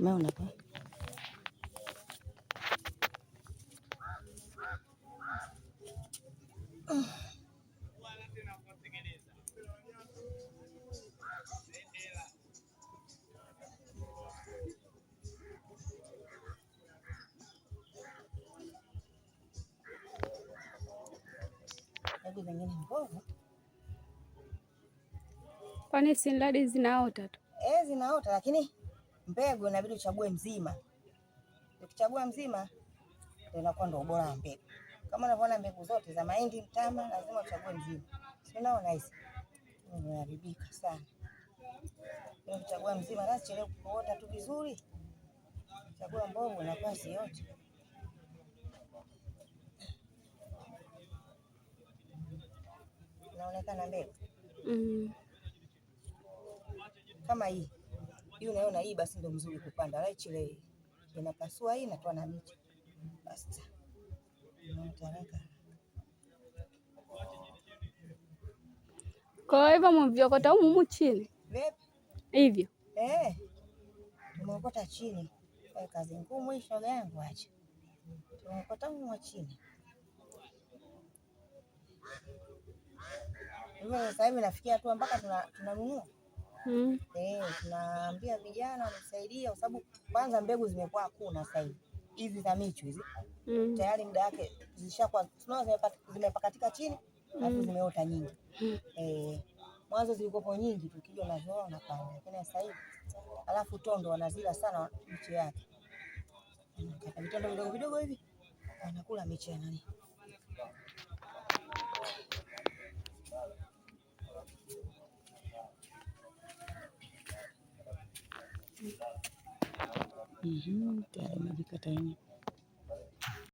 मैं होना था Kwani sinladi zinaota tu? Eh, zinaota lakini mbegu inabidi uchague mzima. Ukichagua mzima ndio inakuwa ndio ubora wa mbegu. Kama unavyoona mbegu zote za mahindi, mtama, lazima uchague mzima, si unaona hizi inaharibika sana. Ukichagua mzima lazima chele kuota tu vizuri, chagua mbovu inakuwa yote unaonekana mbegu mm. kama hii hii unaona hii basi ndio mzuri kupanda laichi lei inapasua hii natoa na miti basta unaotaraka kwa hivyo mvyokota humu humu chini hivyo eh, tumeokota chini. Kazi ngumu hii, shoga yangu, acha tumeokota humu chini. Sasa hivi nafikia tu mpaka tunanunua tuna mm. Eh, vijana wamsaidia, kwa sababu kwanza mbegu zimekuwa hakuna sasa hivi hizi za michu hizi mm. tayari muda wake zishakuwa zimepakatika chini alafu mm. zimeota nyingi mm. eh, mwanzo zilikuwa nyingi tu kija unazoona pale, lakini sasa hivi alafu tondo wanazila sana miche yake vitendo vidogo vidogo hivi wanakula miche ya nani Kayan majikata ne.